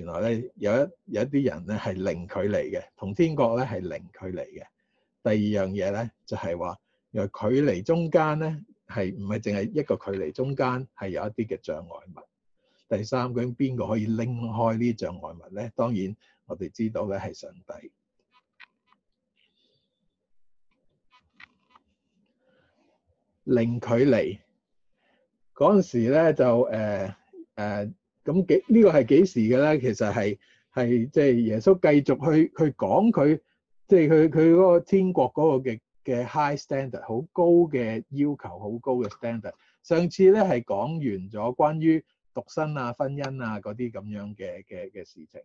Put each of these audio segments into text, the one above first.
原來咧有一有一啲人咧係零距離嘅，同天國咧係零距離嘅。第二樣嘢咧就係話，因為距離中間咧係唔係淨係一個距離，中間係有一啲嘅障礙物。第三，究竟邊個可以拎開呢啲障礙物咧？當然我哋知道咧係上帝。零距離嗰陣時咧就誒誒。呃呃咁幾呢個係幾時嘅咧？其實係係即係耶穌繼續去去講佢，即係佢佢嗰個天國嗰個嘅嘅 high standard，好高嘅要求，好高嘅 standard。上次咧係講完咗關於獨身啊、婚姻啊嗰啲咁樣嘅嘅嘅事情。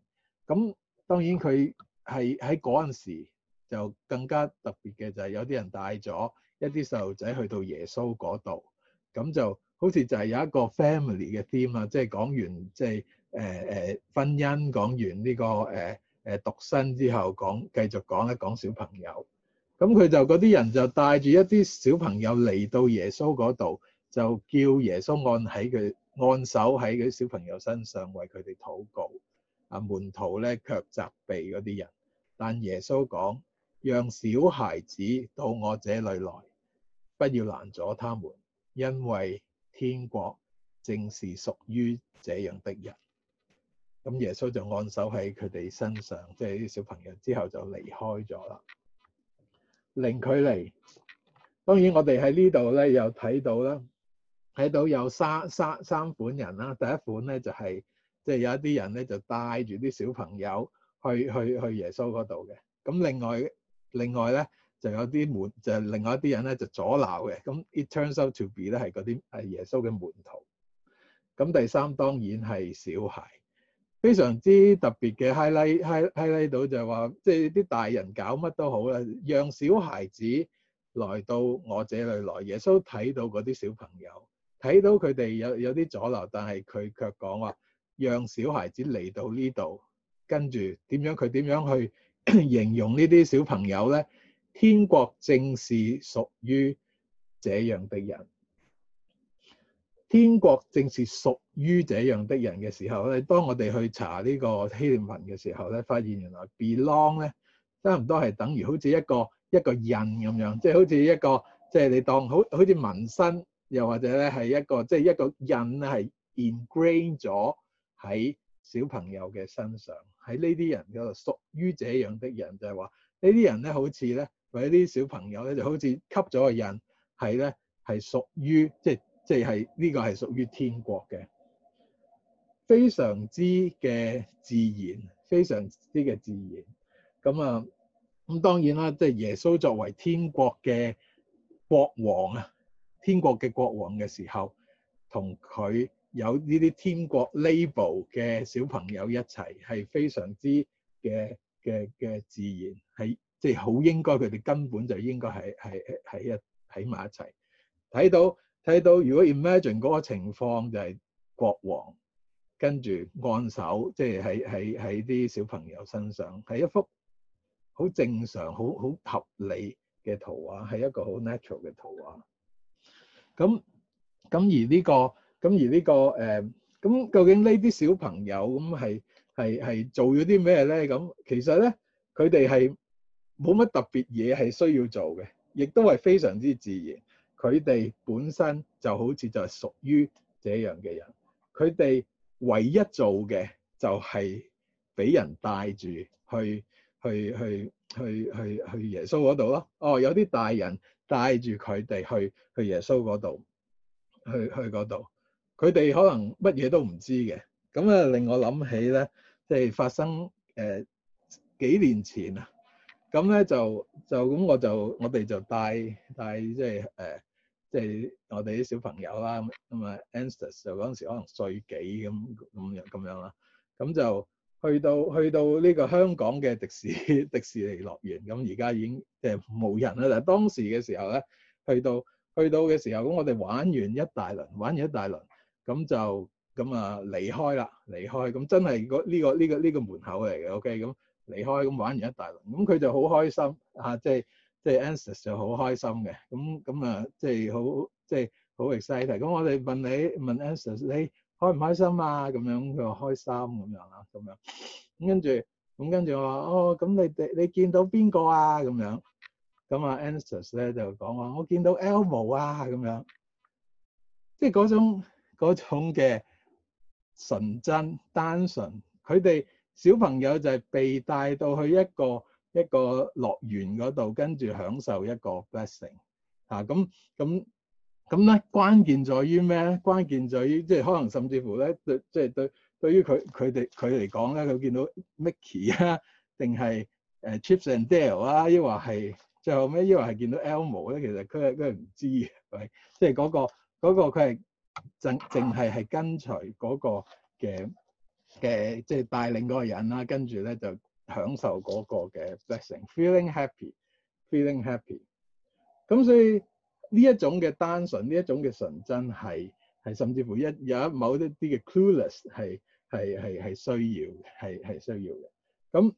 咁當然佢係喺嗰陣時就更加特別嘅就係有啲人帶咗一啲細路仔去到耶穌嗰度，咁就。好似就係有一個 family 嘅 theme 啊，即係講完即係誒誒婚姻，講完呢個誒誒獨身之後，講繼續講一講小朋友。咁佢就嗰啲人就帶住一啲小朋友嚟到耶穌嗰度，就叫耶穌按喺佢按手喺佢小朋友身上為佢哋禱告。啊，門徒咧卻責備嗰啲人，但耶穌講：讓小孩子到我這裡來，不要攔阻他們，因為天國正是屬於這樣的人，咁耶穌就按手喺佢哋身上，即係啲小朋友，之後就離開咗啦。另距離，當然我哋喺呢度咧又睇到啦，睇到有三三三款人啦。第一款咧就係即係有一啲人咧，就帶住啲小朋友去去去耶穌嗰度嘅。咁另外另外咧。就有啲門就係另外一啲人咧，就阻撓嘅。咁 it turns out to be 咧，係嗰啲係耶穌嘅門徒。咁第三當然係小孩，非常之特別嘅 highlight highlight 到就係話，即係啲大人搞乜都好啦，讓小孩子來到我這裏來。耶穌睇到嗰啲小朋友，睇到佢哋有有啲阻撓，但係佢卻講話，讓小孩子嚟到呢度。跟住點樣？佢點樣去形容呢啲小朋友咧？天國正是屬於這樣的人，天國正是屬於這樣的人嘅時候咧。當我哋去查呢個希臘文嘅時候咧，發現原來 belong 咧，差唔多係等於好似一個一個印咁樣，即係好似一個，即係你當好好似紋身，又或者咧係一個，即係一個印係 ingrain 咗喺小朋友嘅身上，喺呢啲人嗰度屬於這樣的人，就係話呢啲人咧，好似咧。或者啲小朋友咧，就好似吸咗個印，係咧係屬於，即係即係呢個係屬於天國嘅，非常之嘅自然，非常之嘅自然。咁啊，咁當然啦，即係耶穌作為天國嘅國王啊，天國嘅國王嘅時候，同佢有呢啲天國 label 嘅小朋友一齊，係非常之嘅嘅嘅自然係。即係好應該，佢哋根本就應該係係係喺一喺埋一齊。睇到睇到，如果 imagine 嗰個情況就係國王跟住按手，即係喺喺喺啲小朋友身上，係一幅好正常、好好合理嘅圖畫，係一個好 natural 嘅圖畫。咁咁而呢個咁而呢個誒咁，究竟呢啲小朋友咁係係係做咗啲咩咧？咁其實咧，佢哋係。冇乜特別嘢係需要做嘅，亦都係非常之自然。佢哋本身就好似就係屬於這樣嘅人。佢哋唯一做嘅就係俾人帶住去去去去去去耶穌嗰度咯。哦，有啲大人帶住佢哋去去耶穌嗰度，去去嗰度。佢哋可能乜嘢都唔知嘅。咁啊，令我諗起咧，即係發生誒幾年前啊～咁咧就就咁我就我哋就帶帶即係誒即係我哋啲小朋友啦，咁啊，Ancest 就嗰陣時可能歲幾咁咁樣咁樣啦，咁就去到去到呢個香港嘅迪士迪士尼樂園，咁而家已經誒冇人啦。但係當時嘅時候咧，去到去到嘅時候咁，我哋玩完一大輪，玩完一大輪，咁就咁啊離開啦，離開咁真係呢個呢個呢個門口嚟嘅，OK 咁。離開咁玩完一大輪，咁、嗯、佢就好開、啊開、嗯、開、開心啊！即係即係 Ansis 就好開心嘅，咁咁啊，即係好即係好 excited。咁我哋問你問 Ansis，你開唔開心啊？咁樣佢話開心咁樣啦，咁樣咁跟住咁跟住我話哦，咁你哋你，你見到邊個啊？咁樣咁啊，Ansis 咧就講話我，我見到 Elmo 啊，咁樣即係嗰種嗰種嘅純真單純，佢哋。小朋友就係被帶到去一個一個樂園嗰度，跟住享受一個 blessing。嚇咁咁咁咧，關鍵在於咩咧？關鍵在於即係可能甚至乎咧，對即係對對於佢佢哋佢嚟講咧，佢見到 Mickey 啊，定係誒 Chips and Dale 啊，抑或係最後尾，抑或係見到 Elmo 咧，其實佢佢唔知，係即係嗰個嗰個佢係淨淨係係跟隨嗰個嘅。嘅即係帶領嗰個人啦，跟住咧就享受嗰個嘅 blessing，feeling happy，feeling happy。咁所以呢一種嘅單純，呢一種嘅純真係係甚至乎一有一某一啲嘅 clueless 係係係係需要嘅，係需要嘅。咁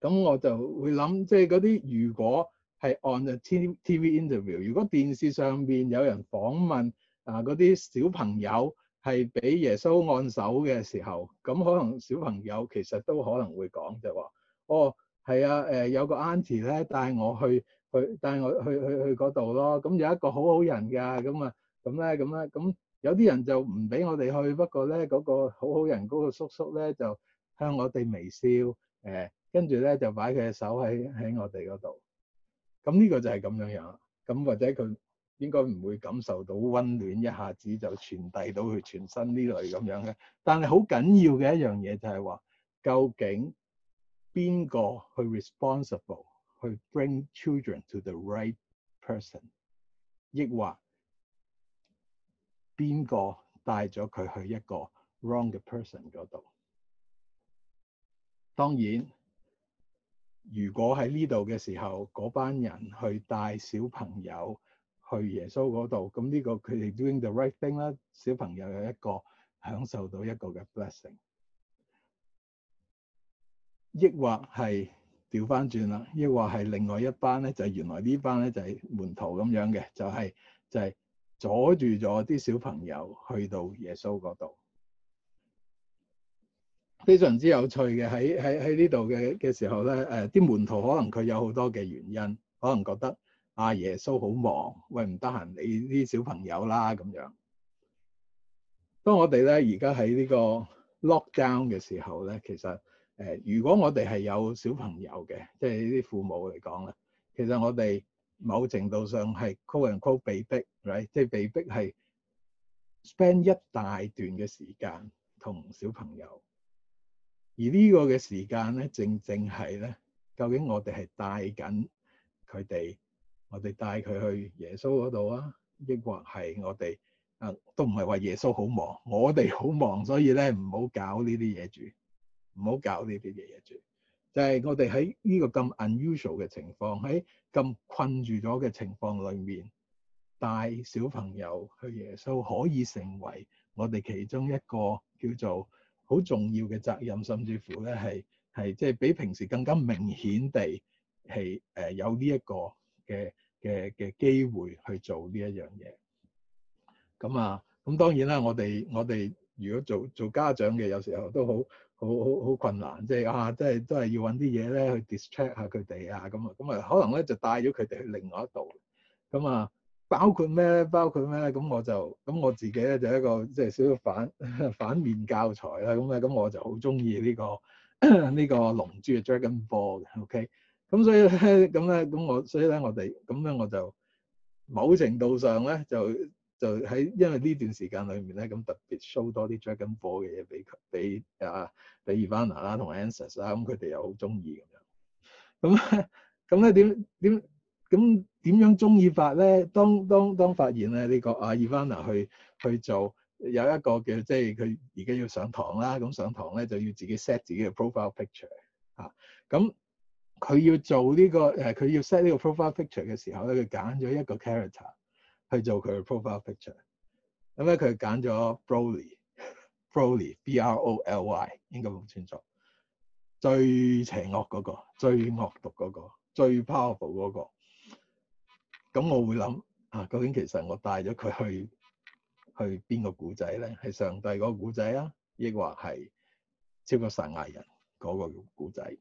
咁我就會諗，即係嗰啲如果係 on TV interview，如果電視上面有人訪問啊嗰啲小朋友。係俾耶穌按手嘅時候，咁可能小朋友其實都可能會講就話。哦，係啊，誒、呃、有個阿姨咧帶我去，去帶我去去去嗰度咯。咁、嗯嗯嗯嗯嗯嗯嗯、有一、個好好人㗎，咁啊咁咧咁咧，咁有啲人就唔俾我哋去，不過咧嗰個好好人嗰個叔叔咧就向我哋微笑，誒跟住咧就擺佢嘅手喺喺我哋嗰度。咁、嗯、呢、呢個就係咁樣樣，咁、嗯、或者佢。應該唔會感受到溫暖，一下子就傳遞到佢全身呢類咁樣嘅。但係好緊要嘅一樣嘢就係話，究竟邊個去 responsible 去 bring children to the right person，抑或邊個帶咗佢去一個 wrong 嘅 person 嗰度？當然，如果喺呢度嘅時候，嗰班人去帶小朋友。去耶穌嗰度，咁呢個佢哋 doing the right thing 啦。小朋友有一個享受到一個嘅 blessing，抑或係掉返轉啦？抑或係另外一班咧，就係原來呢班咧就係門徒咁樣嘅，就係就係阻住咗啲小朋友去到耶穌嗰度。非常之有趣嘅，喺喺喺呢度嘅嘅時候咧，誒啲門徒可能佢有好多嘅原因，可能覺得。阿、啊、耶穌好忙，喂唔得閒，理啲小朋友啦咁樣。當我哋咧而家喺呢個 lockdown 嘅時候咧，其實誒、呃，如果我哋係有小朋友嘅，即係呢啲父母嚟講咧，其實我哋某程度上係 quote unquote 被逼，係、right? 即係被逼係 spend 一大段嘅時間同小朋友，而呢個嘅時間咧，正正係咧，究竟我哋係帶緊佢哋。我哋帶佢去耶穌嗰度啊，抑或係我哋啊，都唔係話耶穌好忙，我哋好忙，所以咧唔好搞呢啲嘢住，唔好搞呢啲嘢嘢住。就係、是、我哋喺呢個咁 unusual 嘅情況，喺咁困住咗嘅情況裏面，帶小朋友去耶穌，可以成為我哋其中一個叫做好重要嘅責任，甚至乎咧係係即係比平時更加明顯地係誒、呃、有呢一個。嘅嘅嘅機會去做呢一樣嘢，咁啊，咁當然啦，我哋我哋如果做做家長嘅，有時候都好好好好困難，即係啊，即係都係要搵啲嘢咧去 distract 下佢哋啊，咁啊，咁啊，可能咧就帶咗佢哋去另外一度咁啊，包括咩包括咩咧？咁我就咁我自己咧就係、一個即係少少反 反面教材啦，咁咧、啊，咁我就好中意呢個呢 個龍珠嘅 Dragon Ball 嘅，OK。咁所以咧，咁咧，咁我所以咧，我哋咁咧，我就某程度上咧，就就喺因為呢段時間裏面咧，咁特別 show 多啲 Dragon Ball 嘅嘢俾佢，俾啊，俾 Evanna 啦、啊、同 Ansis 啦，咁佢哋又好中意咁樣。咁咁咧點點咁點樣中意法咧？當當當發現咧，呢、呢個啊 Evanna 去去做有一個嘅，即係佢而家要上堂啦，咁上堂咧就要自己 set 自己嘅 profile picture 嚇、啊，咁、啊。啊佢要做呢、這個誒，佢要 set 呢個 profile picture 嘅時候咧，佢揀咗一個 character 去做佢嘅 profile picture Bro ly, Bro ly,。咁咧，佢揀咗 Broly，Broly，B-R-O-L-Y，r o l y, 應該好清楚，最邪惡嗰、那個，最惡毒嗰、那個，最 powerful 嗰、那個。咁我會諗啊，究竟其實我帶咗佢去去邊個故仔咧？係上帝嗰個故仔啊，亦或係超級撒亞人嗰個故仔？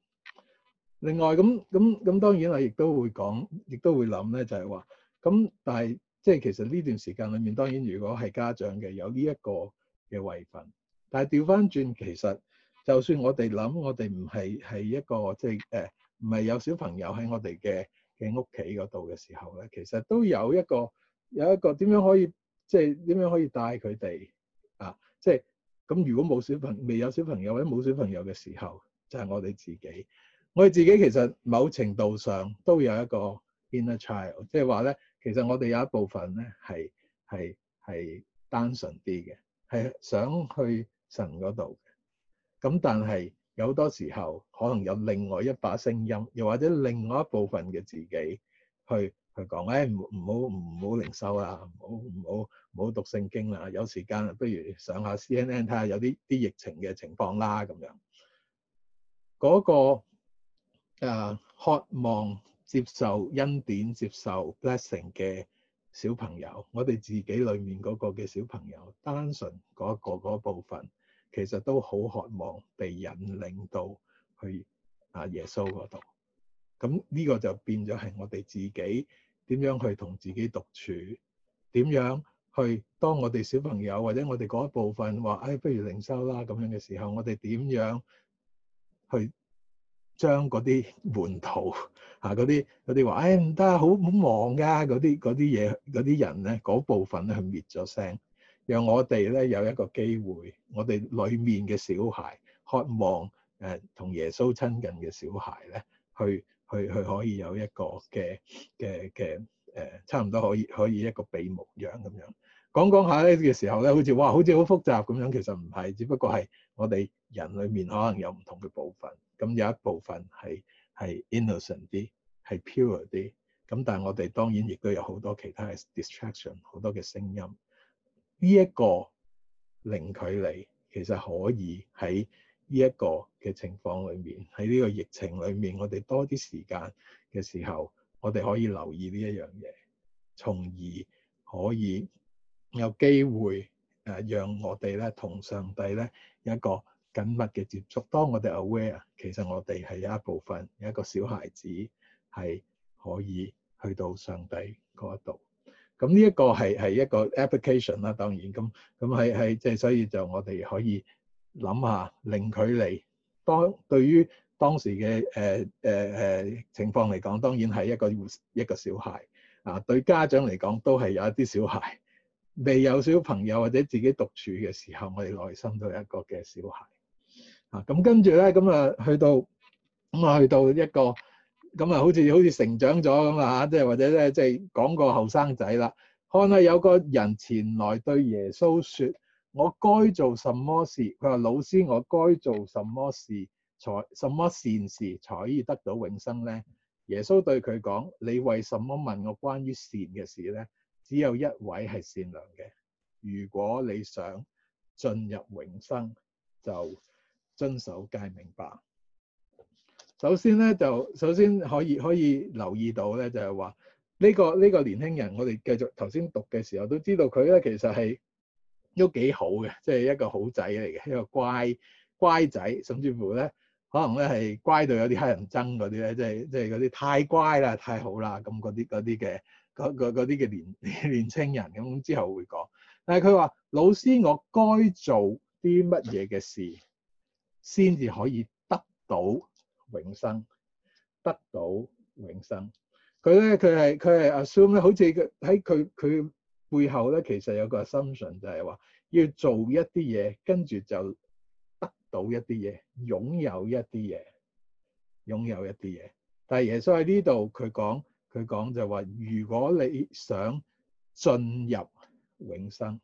另外咁咁咁，當然我亦都會講，亦都會諗咧，就係話咁。但係即係其實呢段時間裏面，當然如果係家長嘅有呢一個嘅位份。但係調翻轉，其實就算我哋諗，我哋唔係係一個即係誒，唔係有小朋友喺我哋嘅嘅屋企嗰度嘅時候咧，其實都有一個有一個點樣可以即係點樣可以帶佢哋啊？即係咁，如果冇小朋友未有小朋友或者冇小朋友嘅時候，就係我哋自己。我哋自己其實某程度上都有一個 inner child，即係話咧，其實我哋有一部分咧係係係單純啲嘅，係想去神嗰度嘅。咁但係有多時候，可能有另外一把聲音，又或者另外一部分嘅自己去去講，誒唔唔好唔好靈修啊，唔好唔好唔好讀聖經啦，有時間不如上下 CNN 睇下有啲啲疫情嘅情況啦咁樣。嗰個誒，uh, 渴望接受恩典，接受 blessing 嘅小朋友，我哋自己裏面嗰個嘅小朋友，單純嗰個嗰部分，其實都好渴望被引領到去啊耶穌嗰度。咁，嗯，呢，這個就變咗係我哋自己點樣去同自己獨處，點樣去當我哋小朋友或者我哋嗰一部分話誒、哎，不如靈修啦咁樣嘅時候，我哋點樣去？將嗰啲門徒嚇嗰啲啲話，哎，唔得，好好忙噶嗰啲啲嘢嗰啲人咧，嗰部分咧去滅咗聲，讓我哋咧有一個機會，我哋裡面嘅小孩渴望誒、呃、同耶穌親近嘅小孩咧，去去去可以有一個嘅嘅嘅誒，差唔多可以可以一個比模樣咁樣講講下咧嘅時候咧，好似哇，好似好複雜咁樣，其實唔係，只不過係。我哋人裏面可能有唔同嘅部分，咁有一部分係係 innocent 啲，係 pure 啲，咁但係我哋當然亦都有好多其他嘅 distraction，好多嘅聲音。呢一個零距離其實可以喺呢一個嘅情況裏面，喺呢個疫情裏面，我哋多啲時間嘅時候，我哋可以留意呢一樣嘢，從而可以有機會。誒讓我哋咧同上帝咧有一個緊密嘅接觸。當我哋 aware，其實我哋係有一部分有一個小孩子係可以去到上帝嗰度。咁呢一個係係一個 application 啦，當然咁咁係係即係所以就我哋可以諗下，零距離當對於當時嘅誒誒誒情況嚟講，當然係一個一個小孩啊，對家長嚟講都係有一啲小孩。未有小朋友或者自己獨處嘅時候，我哋內心都係一個嘅小孩啊。咁跟住咧，咁啊去到咁啊、嗯、去到一個咁啊，好似好似成長咗咁啊吓，即係或者咧即係講個後生仔啦。看下有個人前來對耶穌說：我該做什麼事？佢話老師，我該做什麼事才什麼善事，才可以得到永生咧？耶穌對佢講：你為什麼問我關於善嘅事咧？只有一位係善良嘅。如果你想進入永生，就遵守誡命吧。首先咧，就首先可以可以留意到咧，就係話呢個呢個年輕人，我哋繼續頭先讀嘅時候都知道佢咧，其實係都幾好嘅，即係一個好仔嚟嘅，一個乖乖仔，甚至乎咧可能咧係乖到有啲乞人憎嗰啲咧，即係即係嗰啲太乖啦，太好啦，咁嗰啲嗰啲嘅。嗰啲嘅年年青人咁，之後會講。但係佢話：老師，我該做啲乜嘢嘅事先至可以得到永生？得到永生。佢咧，佢係佢係 assume 咧，assume，好似喺佢佢背後咧，其實有個 assumption 就係話，要做一啲嘢，跟住就得到一啲嘢，擁有一啲嘢，擁有一啲嘢。但係耶穌喺呢度佢講。佢講就話，如果你想進入永生，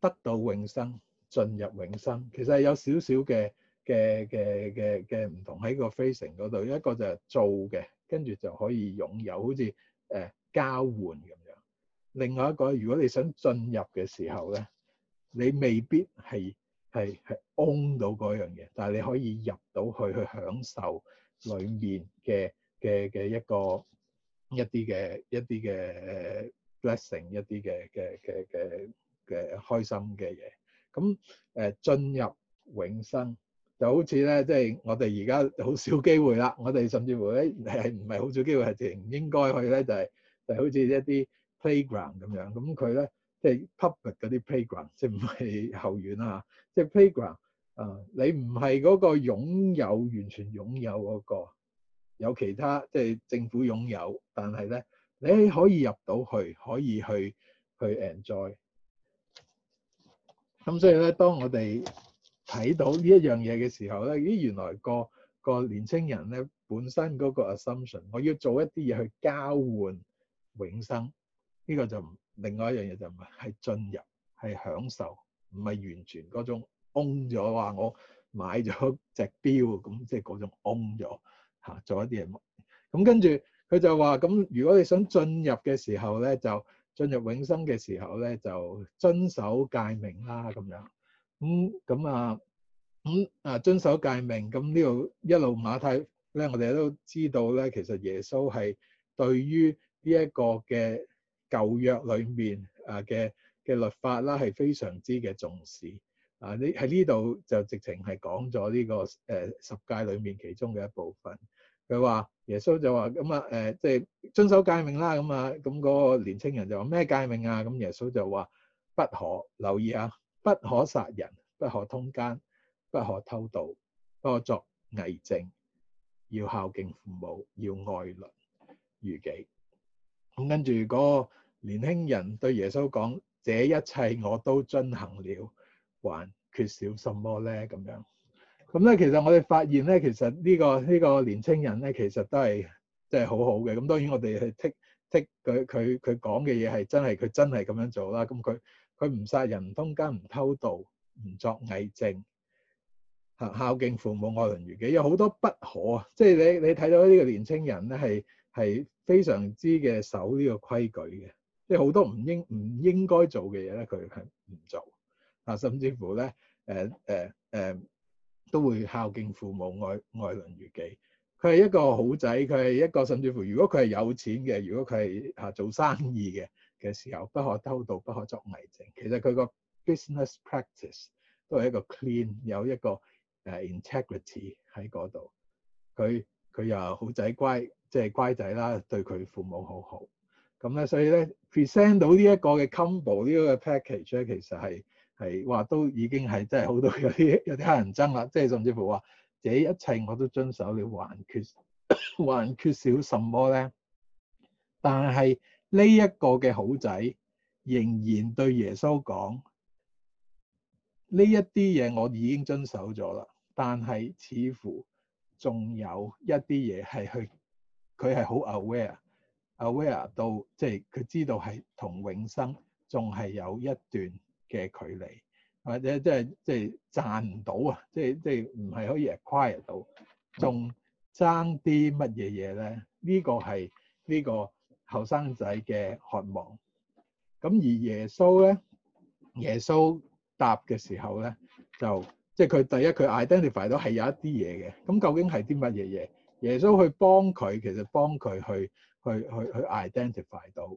得到永生，進入永生，其實係有少少嘅嘅嘅嘅嘅唔同喺個 phrasing 嗰度。一個就係做嘅，跟住就可以擁有，好似誒、呃、交換咁樣。另外一個，如果你想進入嘅時候咧，你未必係係係 own 到嗰樣嘢，但係你可以入到去去享受裡面嘅嘅嘅一個。一啲嘅一啲嘅 blessing，一啲嘅嘅嘅嘅嘅開心嘅嘢。咁、嗯、誒進入永生就好似咧，即、就、係、是、我哋而家好少機會啦。我哋甚至乎咧係唔係好少機會，係唔應該去咧，就係、是、就係、是、好似一啲 playground 咁樣。咁佢咧即係 public 嗰啲 playground，即係唔係後院啦。即係 playground 啊，就是 playground，嗯、你唔係嗰個擁有完全擁有嗰、那個。有其他即係政府擁有，但係咧，你可以入到去，可以去去 enjoy。咁、嗯、所以咧，當我哋睇到呢一樣嘢嘅時候咧，咦，原來個個年青人咧本身嗰個 assumption，我要做一啲嘢去交換永生，呢、這個就唔另外一樣嘢就唔係係進入係享受，唔係完全嗰種 own 咗話我買咗隻表咁，即係嗰種 own 咗。嚇，做一啲嘢，咁跟住佢就話：咁如果你想進入嘅時候咧，就進入永生嘅時候咧，就遵守誡命啦，咁樣。咁、嗯，咁啊，咁啊，遵守誡命。咁呢度一路馬太咧，我哋都知道咧，其實耶穌係對於呢一個嘅舊約裏面啊嘅嘅律法啦，係非常之嘅重視。啊，呢喺呢度就直情係講咗呢個誒十誡裏面其中嘅一部分。佢話：耶穌就話咁啊，誒、嗯呃，即係遵守誡命啦。咁啊，咁、那、嗰個年青人就話咩誡命啊？咁耶穌就話：不可留意啊，不可殺人，不可通奸，不可偷盜，不可作偽證，要孝敬父母，要愛鄰如己。咁跟住嗰個年輕人對耶穌講：這一切我都遵行了，還缺少什麼咧？咁樣。咁咧、嗯，其實我哋發現咧，其實呢、呢個呢、呢個年青人咧，其實都係真係好好嘅。咁當然我哋係睇睇佢佢佢講嘅嘢係真係佢真係咁樣做啦。咁佢佢唔殺人、唔通姦、唔偷盜、唔作偽證，嚇孝敬父母、愛鄰如己，有好多不可啊！即係你你睇到呢個年青人咧，係係非常之嘅守呢個規矩嘅，即係好多唔應唔應該做嘅嘢咧，佢係唔做啊，甚至乎咧誒誒誒。啊啊啊都會孝敬父母，愛愛鄰如己。佢係一個好仔，佢係一個甚至乎如，如果佢係有錢嘅，如果佢係嚇做生意嘅嘅時候，不可偷盜，不可作偽證。其實佢個 business practice 都係一個 clean，有一個誒 integrity 喺嗰度。佢佢又好仔乖，即係、乖即係乖仔啦，對佢父母好好。咁咧，所以咧 present 到呢一個嘅 combo 呢個 package 咧，其實係。係話都已經係真係好多有啲有啲黑人憎啦，即係甚至乎話，這一切我都遵守了，還缺還缺少什麼呢？但係呢一個嘅好仔仍然對耶穌講：呢一啲嘢我已經遵守咗啦，但係似乎仲有一啲嘢係，去佢係好 aware aware 到，即係佢知道係同永生仲係有一段。嘅距離，或者即係即係賺唔到啊！即係即係唔係可以 acquire 到，仲爭啲乜嘢嘢咧？呢個係呢個後生仔嘅渴望。咁而耶穌咧，耶穌答嘅時候咧，就即係佢第一佢 identify 到係有一啲嘢嘅。咁究竟係啲乜嘢嘢？耶穌去幫佢，其實幫佢去去去去 identify 到。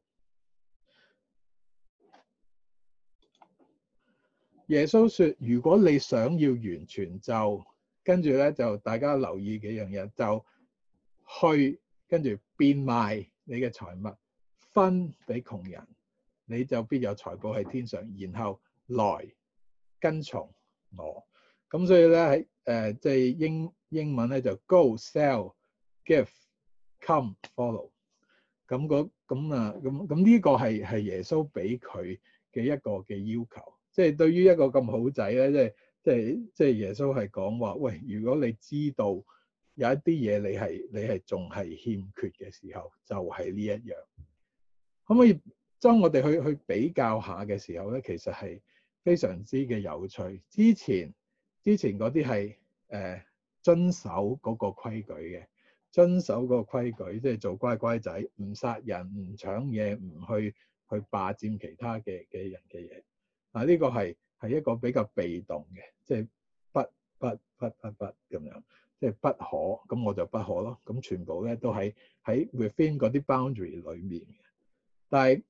耶穌說：如果你想要完全就，就跟住咧就大家留意幾樣嘢，就去跟住變賣你嘅財物，分俾窮人，你就必有財寶喺天上。然後來跟從我。咁所以咧喺誒即係英英文咧就 Go, sell, give, come, follow，咁嗰。咁咁啊咁咁呢個係係耶穌俾佢嘅一個嘅要求。即係對於一個咁好仔咧，即係即係即係耶穌係講話，喂！如果你知道有一啲嘢你係你係仲係欠缺嘅時候，就係呢一樣。可唔可以將我哋去去比較下嘅時候咧？其實係非常之嘅有趣。之前之前嗰啲係誒遵守嗰個規矩嘅，遵守嗰個規矩，即係做乖乖仔，唔殺人，唔搶嘢，唔去去霸佔其他嘅嘅人嘅嘢。嗱，呢、啊這個係係一個比較被動嘅，即係不不不不不咁樣，即係不可，咁我就不可咯。咁全部咧都喺喺 within 嗰啲 boundary 裡面嘅。但係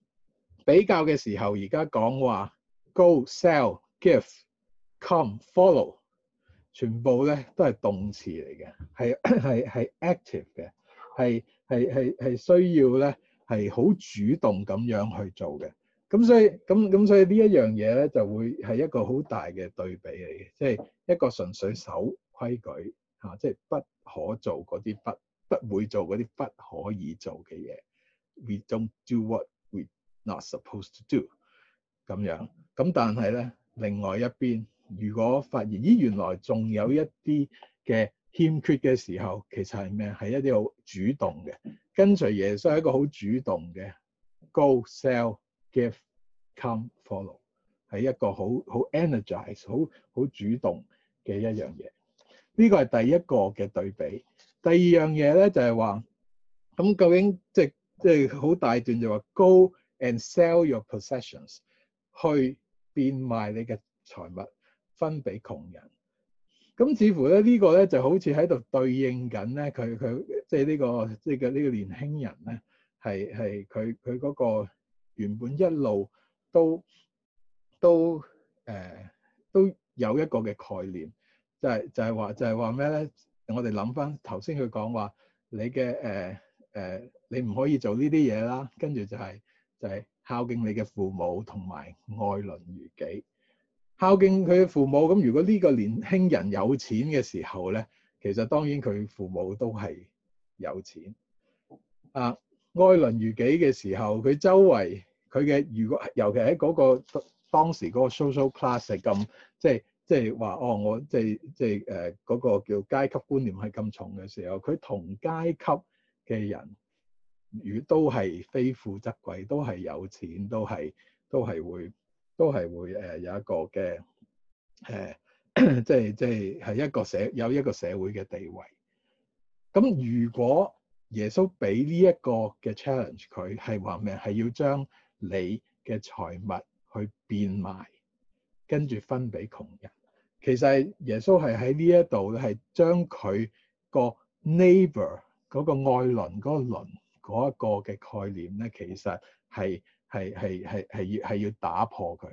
比較嘅時候，而家講話 go, sell, give, come, follow，全部咧都係動詞嚟嘅，係係係 active 嘅，係係係係需要咧係好主動咁樣去做嘅。咁所以咁咁所以呢一樣嘢咧就會係一個好大嘅對比嚟嘅，即係一個純粹守規矩嚇，即係不可做嗰啲不不會做嗰啲不可以做嘅嘢。We don't do what we not supposed to do。咁樣咁，但係咧另外一邊，如果發現咦原來仲有一啲嘅欠缺嘅時候，其實係咩？係一啲好主動嘅跟隨耶穌，係一個好主動嘅 go sell。give come follow 係一個好好 energize 好好主動嘅一樣嘢。呢個係第一個嘅對比。第二樣嘢咧就係話，咁究竟即即係好大段就話 Go and sell your possessions 去變賣你嘅財物，分俾窮人。咁似乎咧呢個咧就好似喺度對應緊咧佢佢即係呢個即係呢個年輕人咧係係佢佢嗰個。原本一路都都誒、呃、都有一個嘅概念，就係就係話就係話咩咧？我哋諗翻頭先佢講話，你嘅誒誒，你唔可以做呢啲嘢啦。跟住就係就係孝敬你嘅父母同埋愛鄰如己。孝敬佢嘅父母，咁如果呢個年輕人有錢嘅時候咧，其實當然佢父母都係有錢啊。愛倫如己嘅時候，佢周圍佢嘅如果，尤其喺嗰、那個當當時嗰個 social class 係咁，即係即係話哦，我即係即係誒嗰個叫階級觀念係咁重嘅時候，佢同階級嘅人，如果都係非富則貴，都係有錢，都係都係會都係會誒有一個嘅誒、呃，即係即係係一個社有一個社會嘅地位。咁如果耶穌俾呢一個嘅 challenge 佢係話，明係要將你嘅財物去變賣，跟住分俾窮人。其實耶穌係喺呢一度係將佢 ne 個 neighbor 嗰、嗰個愛鄰嗰個鄰一個嘅概念咧，其實係係係係係要係要打破佢，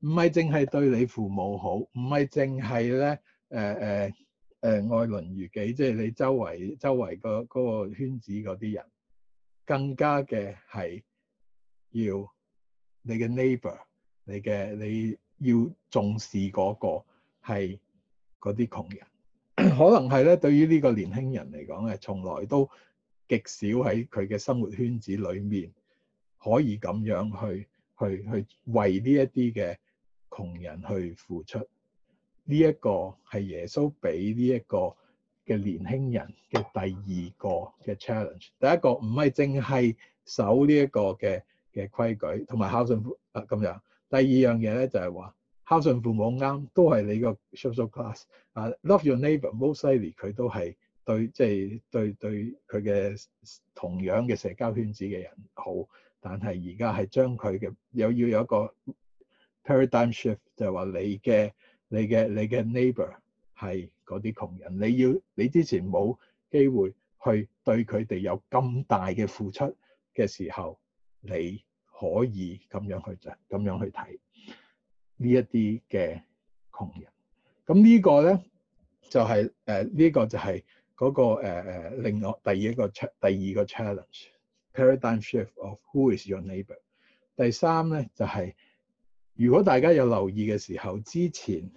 唔係淨係對你父母好，唔係淨係咧誒誒。呃呃誒、呃、愛鄰如己，即係你周圍周圍、嗰個嗰個圈子嗰啲人，更加嘅係要你嘅 neighbor 你嘅你要重視嗰、嗰個係嗰啲窮人， 可能係咧對於呢個年輕人嚟講咧，從來都極少喺佢嘅生活圈子裡面可以咁樣去去去為呢一啲嘅窮人去付出。呢一個係耶穌俾呢一個嘅年輕人嘅第二個嘅 challenge。第一個唔係淨係守呢一個嘅嘅規矩同埋孝順父啊咁樣。第二樣嘢咧就係話孝順父母啱，都係你個 social class 啊。Love your neighbor most likely，佢都係對即係、就是、對對佢嘅同樣嘅社交圈子嘅人好。但係而家係將佢嘅又要有一個 paradigm shift，就係話你嘅。你嘅你嘅 neighbor 係嗰啲窮人，你要你之前冇機會去對佢哋有咁大嘅付出嘅時候，你可以咁樣去就咁樣去睇呢一啲嘅窮人。咁呢個咧就係誒呢個就係嗰個誒誒另外第二個 challenge，第二個 challenge paradigm shift of who is your neighbor，第三咧就係如果大家有留意嘅時候，之前。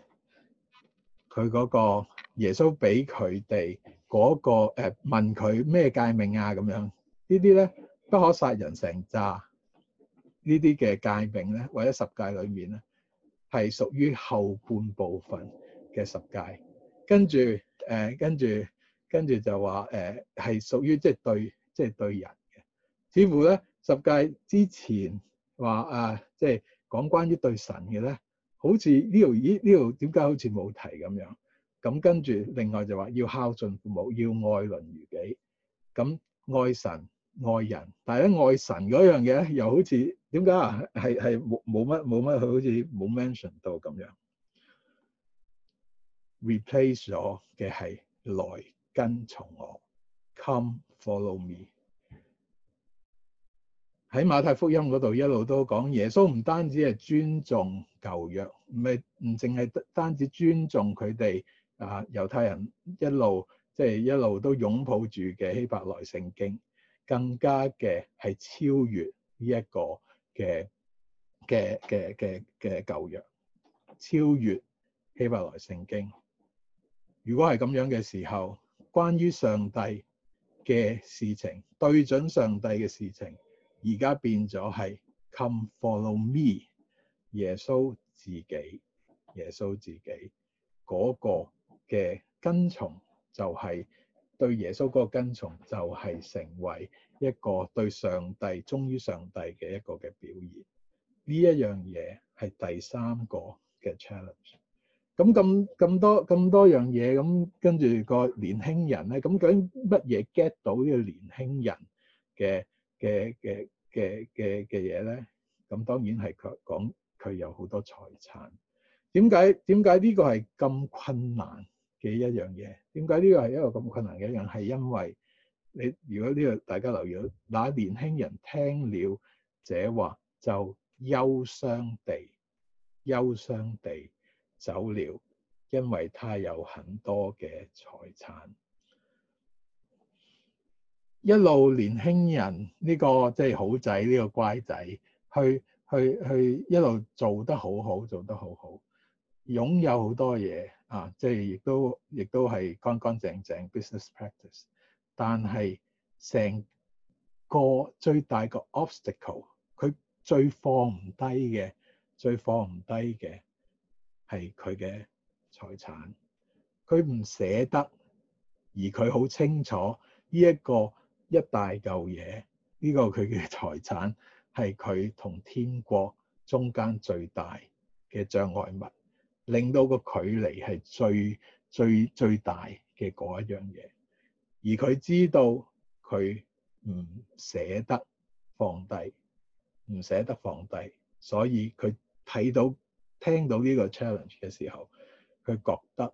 佢嗰個耶穌俾佢哋嗰個誒問佢咩戒命啊，咁樣呢啲咧，不可殺人成渣。呢啲嘅戒命咧或者十戒裏面咧係屬於後半部分嘅十戒，跟住誒、呃、跟住跟住就話誒係屬於即係對即係、即係、對人嘅，似乎咧十戒之前話誒即係講關於對神嘅咧。好似呢度咦呢度點解好似冇提咁樣？咁跟住另外就話要孝順父母，要愛鄰如己，咁愛神愛人。但係咧愛神嗰樣嘢，又好似點解啊？係係冇冇乜冇乜，好似冇 mention 到咁樣。Replace 咗嘅係來跟從我，Come follow me。喺馬太福音嗰度一路都講耶穌唔單止係尊重。舊約唔係唔淨係單止尊重佢哋啊，猶太人一路即係、就是、一路都擁抱住嘅希伯來聖經，更加嘅係超越呢一個嘅嘅嘅嘅嘅舊約，超越希伯來聖經。如果係咁樣嘅時候，關於上帝嘅事情，對準上帝嘅事情，而家變咗係 Come follow me。耶穌自己，耶穌自己，嗰個嘅跟從，佢有好多財產，點解，點解呢個係咁困難嘅一樣嘢？點解呢個係一個咁困難嘅一樣？係因為你如果呢個大家留意，嗱、那個、年輕人聽了這話就憂傷地、憂傷地走了，因為他有很多嘅財產。一路年輕人呢、這個即係、就是、好仔呢、這個乖仔去。去去一路做得好好，做得好好，擁有好多嘢啊！即係亦都亦都係乾乾淨淨 business practice。但係成個最大個 obstacle，佢最放唔低嘅、最放唔低嘅係佢嘅財產。佢唔捨得，而佢好清楚呢一個一大嚿嘢，呢個佢嘅財產。係佢同天國中間最大嘅障礙物，令到個距離係最最最大嘅嗰一樣嘢。而佢知道佢唔捨得放低，唔捨得放低，所以佢睇到聽到呢個 challenge 嘅時候，佢覺得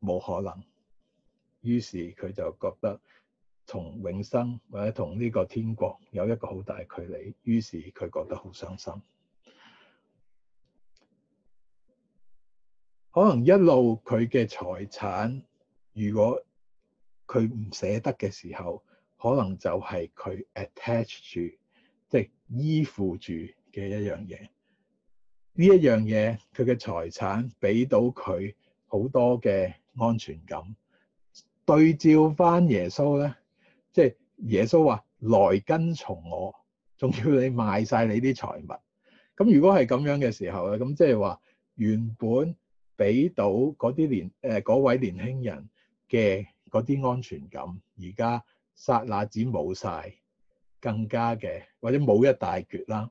冇可能，於是佢就覺得。同永生或者同呢個天國有一個好大距離，於是佢覺得好傷心。可能一路佢嘅財產，如果佢唔捨得嘅時候，可能就係佢 attach 住，即係依附住嘅一樣嘢。呢一樣嘢，佢嘅財產俾到佢好多嘅安全感。對照翻耶穌咧。即係耶穌話來跟從我，仲要你賣晒你啲財物。咁如果係咁樣嘅時候咧，咁即係話原本俾到嗰啲年誒嗰、呃、位年輕人嘅嗰啲安全感，而家剎那子冇晒，更加嘅或者冇一大橛啦。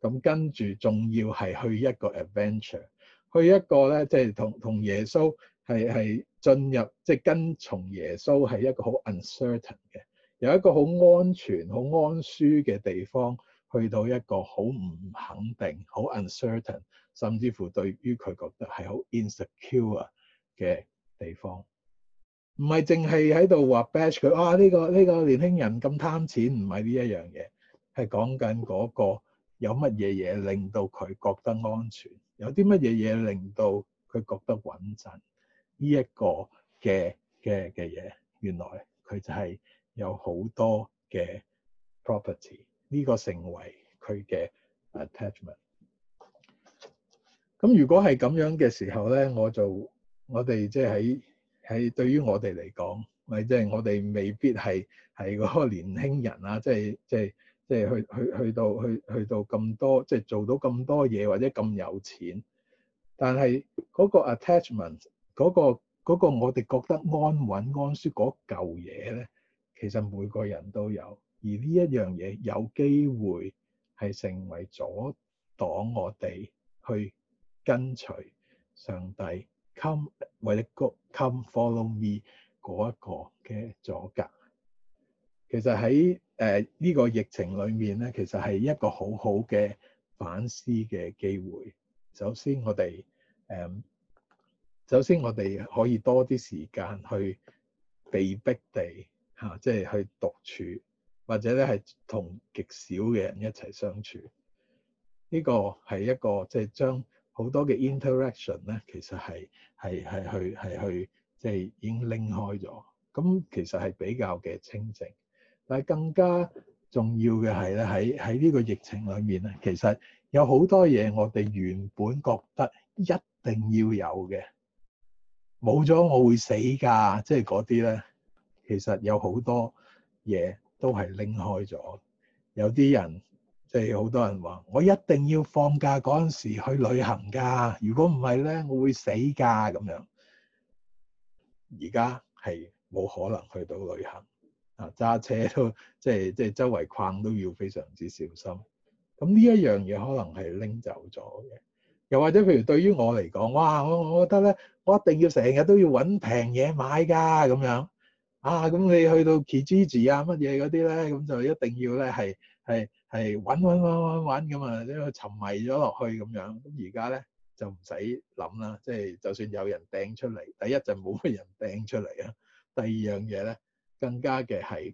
咁跟住仲要係去一個 adventure，去一個咧即係同同耶穌係係進入即係、就是、跟從耶穌係一個好 uncertain 嘅。有一個好安全、好安舒嘅地方，去到一個好唔肯定、好 uncertain，甚至乎對於佢覺得係好 insecure 嘅地方，唔係淨係喺度話 bash 佢。哇、啊！呢個呢個年輕人咁貪錢，唔係呢一樣嘢，係講緊嗰個有乜嘢嘢令到佢覺得安全，有啲乜嘢嘢令到佢覺得穩陣，呢一個嘅嘅嘅嘢，原來佢就係。有好多嘅 property，呢個成為佢嘅 attachment。咁如果係咁樣嘅時候咧，我就我哋即係喺喺對於我哋嚟講，咪即係我哋未必係係嗰個年輕人啊，即係即係即係去去去到去去到咁多，即係做到咁多嘢或者咁有錢，但係嗰個 attachment 嗰個嗰個我哋覺得安穩安舒嗰嚿嘢咧。其實每個人都有，而呢一樣嘢有機會係成為阻擋我哋去跟隨上帝，Come，為你 Come Follow Me 嗰一個嘅阻隔。其實喺誒呢個疫情裡面咧，其實係一個好好嘅反思嘅機會。首先我哋誒，um, 首先我哋可以多啲時間去被逼地。吓，即係去獨處，或者咧係同極少嘅人一齊相處，呢個係一個即係將好多嘅 interaction 咧，其實係係係去係去即係已經拎開咗。咁其實係比較嘅清淨，但係更加重要嘅係咧，喺喺呢個疫情裏面咧，其實有好多嘢我哋原本覺得一定要有嘅，冇咗我會死噶，即係嗰啲咧。其實有好多嘢都係拎開咗。有啲人即係好多人話：我一定要放假嗰陣時去旅行㗎。如果唔係咧，我會死㗎咁樣。而家係冇可能去到旅行啊！揸車都即係即係周圍逛都要非常之小心。咁呢一樣嘢可能係拎走咗嘅，又或者譬如對於我嚟講，哇！我我覺得咧，我一定要成日都要揾平嘢買㗎咁樣。啊，咁你去到 Kijiji 啊，乜嘢嗰啲咧，咁就一定要咧，係係係揾揾揾揾揾咁啊，因為沉迷咗落去咁樣。咁而家咧就唔使諗啦，即係就算有人掟出嚟，第一就冇乜人掟出嚟啊。第二樣嘢咧，更加嘅係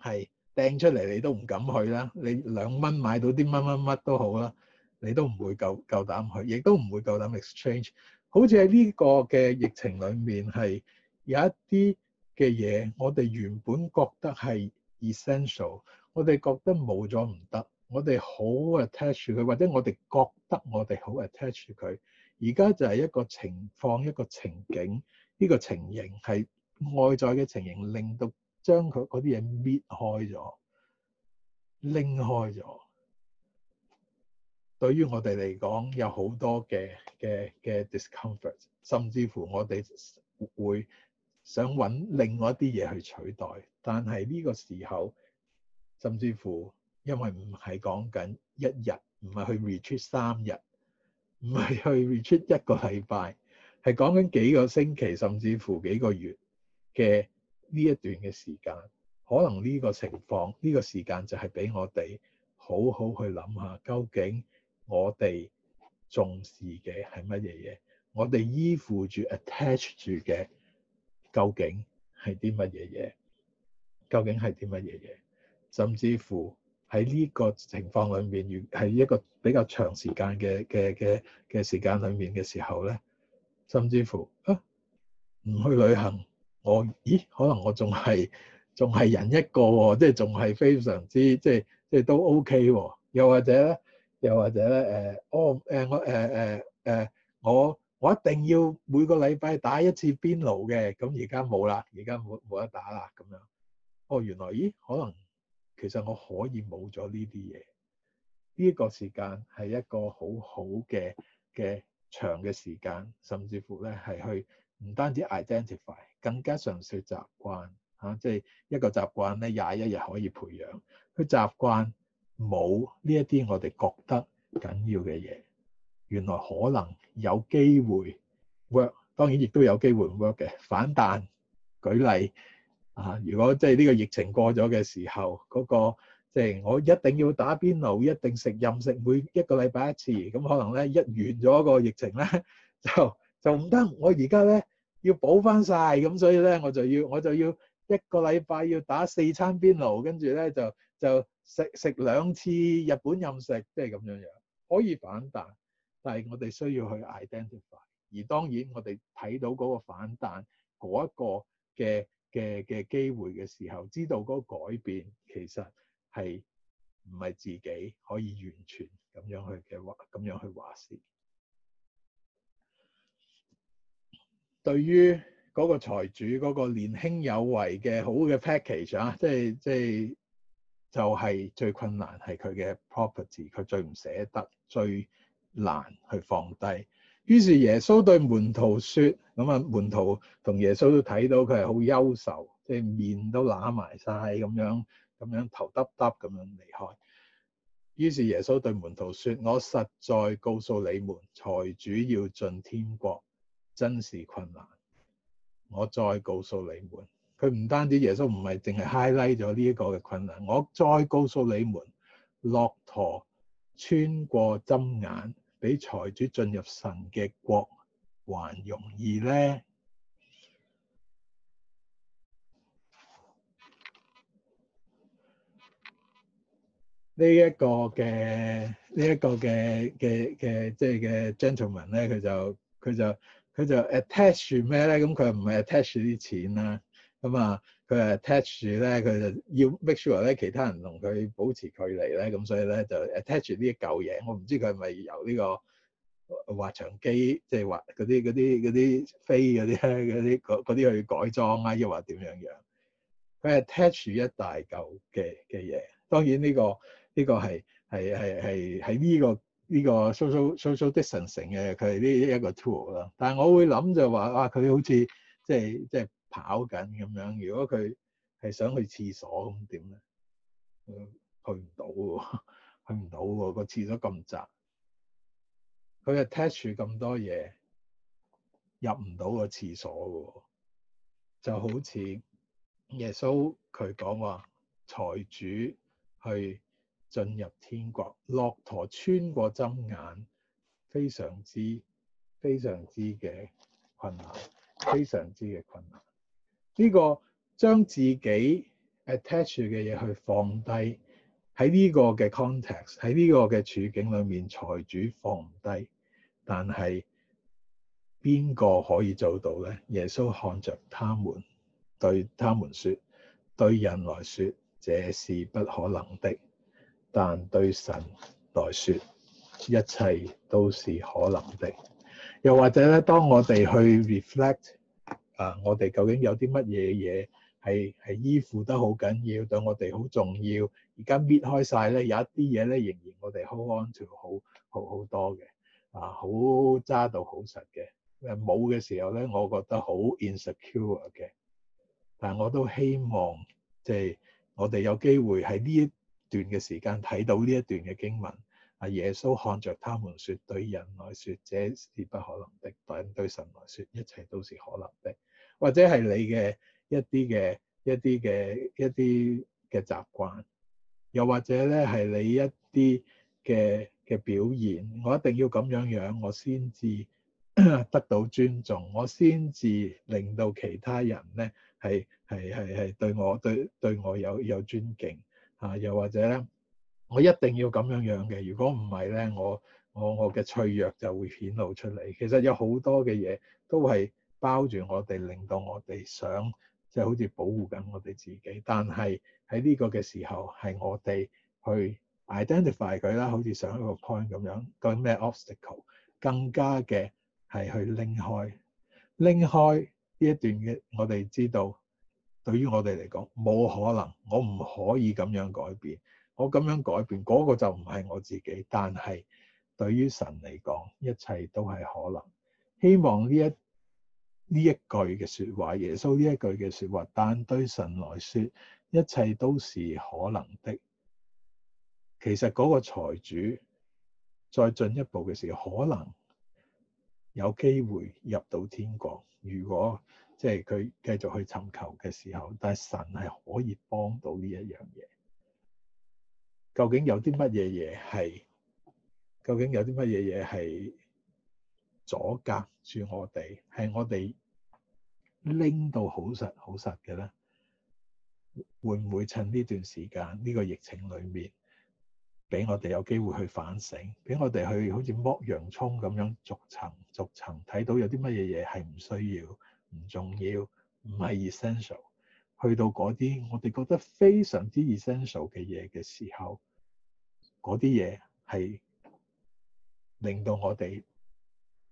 係掟出嚟你都唔敢去啦。你兩蚊買到啲乜乜乜都好啦，你都唔會夠夠膽去，亦都唔會夠膽，會夠膽 exchange。好似喺呢個嘅疫情裡面係有一啲嘅嘢，我哋原本覺得係 essential，我哋覺得冇咗唔得，我哋好 attach 佢，或者我哋覺得我哋好 attach 佢。而家就係一個情況，一個情景，呢個情形係外在嘅情形，令到將佢嗰啲嘢搣開咗、拎開咗。對於我哋嚟講，有好多嘅嘅嘅 discomfort，甚至乎我哋會，想揾另外一啲嘢去取代，但係呢個時候，甚至乎因為唔係講緊一日，唔係去 retreat 三日，唔係去 retreat 一個禮拜，係講緊幾個星期，甚至乎幾個月嘅呢一段嘅時間，可能呢個情況呢、呢個時間就係俾我哋好好去諗下，究竟我哋重視嘅係乜嘢嘢，我哋依附住 attach 住嘅。究竟係啲乜嘢嘢？究竟係啲乜嘢嘢？甚至乎喺呢個情況裏面，如係一個比較長時間嘅嘅嘅嘅時間裏面嘅時候咧，甚至乎啊，唔去旅行，我咦？可能我仲係仲係人一個喎，即係仲係非常之即係即係都 OK 喎。又或者咧，又或者咧，誒、呃哦呃呃呃呃呃呃呃，我誒我誒誒誒我。我一定要每個禮拜打一次邊爐嘅，咁而家冇啦，而家冇冇得打啦咁樣。哦，原來咦，可能其實我可以冇咗呢啲嘢。呢、這、一個時間係一個好好嘅嘅長嘅時間，甚至乎咧係去唔單止 identify，更加常説習慣嚇，即、啊、係、就是、一個習慣咧廿一日可以培養去習慣冇呢一啲我哋覺得緊要嘅嘢。原來可能有機會 work，當然亦都有機會 work 嘅反彈。舉例啊，如果即係呢個疫情過咗嘅時候，嗰、那個即係、就是、我一定要打邊爐，一定食任食，每一個禮拜一次。咁可能咧一完咗個疫情咧就就唔得。我而家咧要補翻晒。咁所以咧我就要我就要一個禮拜要打四餐邊爐，跟住咧就就食食兩次日本任食，即係咁樣樣可以反彈。但係我哋需要去 identify，而當然我哋睇到嗰個反彈嗰一個嘅嘅嘅機會嘅時候，知道嗰個改變其實係唔係自己可以完全咁樣去嘅話，咁樣去話事。對於嗰個財主嗰個年輕有為嘅好嘅 package 啊，即係即係就係最困難係佢嘅 property，佢最唔捨得最。難去放低，於是耶穌對門徒說：，咁啊，門徒同耶穌都睇到佢係好憂愁，即係面都揦埋晒咁樣，咁樣頭耷耷咁樣離開。於是耶穌對門徒說：， 我實在告訴你們，財主要進天國，真是困難。我再告訴你們，佢唔單止耶穌唔係淨係 highlight 咗呢一個嘅困難，我再告訴你們，駱駝穿過針眼。比財主進入神嘅國還容易咧？呢一個嘅呢一個嘅嘅嘅即係嘅 gentleman 咧，佢就佢就佢就 attach 咩咧？咁佢唔係 attach 啲錢啦。咁啊，佢係、嗯、attach 住咧，佢就要 make sure 咧，其他人同佢保持距離咧，咁所以咧就 attach 住啲舊嘢。我唔知佢係咪由呢、呢個滑翔機，即係滑嗰啲嗰啲啲飛嗰啲嗰啲啲去改裝啊，抑或點樣樣？佢係 attach 一大嚿嘅嘅嘢。當然呢、呢個呢、呢個係係係係喺呢個呢、呢個 social social distancing 嘅佢係呢一個 tool 啦。但係我會諗就話啊，佢好似即係即係。跑緊咁樣，如果佢係想去廁所咁點咧？去唔到喎，去唔到喎，個廁所咁窄，佢又踢住咁多嘢，入唔到個廁所喎，就好似耶穌佢講話，財主去進入天國，駱駝穿過針眼，非常之非常之嘅困難，非常之嘅困難。呢個將自己 attach 嘅嘢去放低喺呢個嘅 context，喺呢個嘅處境裏面，財主放唔低。但係邊個可以做到咧？耶穌看着他們，對他們說，對人來說，這是不可能的，但對神來說，一切都是可能的。又或者咧，當我哋去 reflect。啊！我哋究竟有啲乜嘢嘢係係依附得好緊要，對我哋好重要。而家搣開晒咧，有一啲嘢咧，仍然我哋好安全，好好好多嘅。啊，好揸到好實嘅。誒冇嘅時候咧，我覺得好 insecure 嘅。但係我都希望即係、就是、我哋有機會喺呢一段嘅時間睇到呢一段嘅經文。啊，耶穌看着他們，説：對人來說這是不可能的，但對神來說一切都是可能的。或者係你嘅一啲嘅一啲嘅一啲嘅習慣，又或者咧係你一啲嘅嘅表現，我一定要咁樣樣，我先至得到尊重，我先至令到其他人咧係係係係對我對對我有有尊敬啊，又或者咧，我一定要咁樣樣嘅，如果唔係咧，我我我嘅脆弱就會顯露出嚟。其實有好多嘅嘢都係。包住我哋，令到我哋想即係好似保護緊我哋自己。但係喺呢個嘅時候，係我哋去 identify 佢啦，好似上一個 point 咁樣，究竟咩 obstacle？更加嘅係去拎開拎開呢一段嘅。我哋知道對於我哋嚟講冇可能，我唔可以咁樣改變，我咁樣改變嗰個就唔係我自己。但係對於神嚟講，一切都係可能。希望呢一呢一句嘅説話，耶穌呢一句嘅説話，單對神來說，一切都是可能的。其實嗰個財主再進一步嘅時候，可能有機會入到天國。如果即係佢繼續去尋求嘅時候，但係神係可以幫到呢一樣嘢。究竟有啲乜嘢嘢係？究竟有啲乜嘢嘢係阻隔住我哋？係我哋？拎到好實好實嘅咧，會唔會趁呢段時間呢個疫情裡面，俾我哋有機會去反省，俾我哋去好似剝洋葱咁樣逐層逐層睇到有啲乜嘢嘢係唔需要、唔重要、唔係 essential，去到嗰啲我哋覺得非常之 essential 嘅嘢嘅時候，嗰啲嘢係令到我哋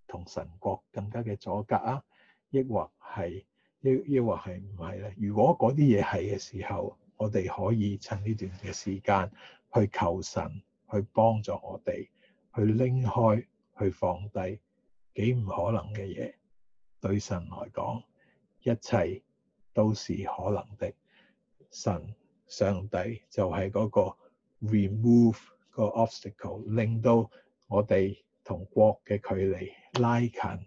同神國更加嘅阻隔啊！抑或係抑抑或係唔係咧？如果嗰啲嘢係嘅時候，我哋可以趁呢段嘅時間去求神，去幫助我哋去拎開、去放低幾唔可能嘅嘢。對神來講，一切都是可能的。神上帝就係嗰個 remove 個 obstacle，令到我哋同國嘅距離拉近。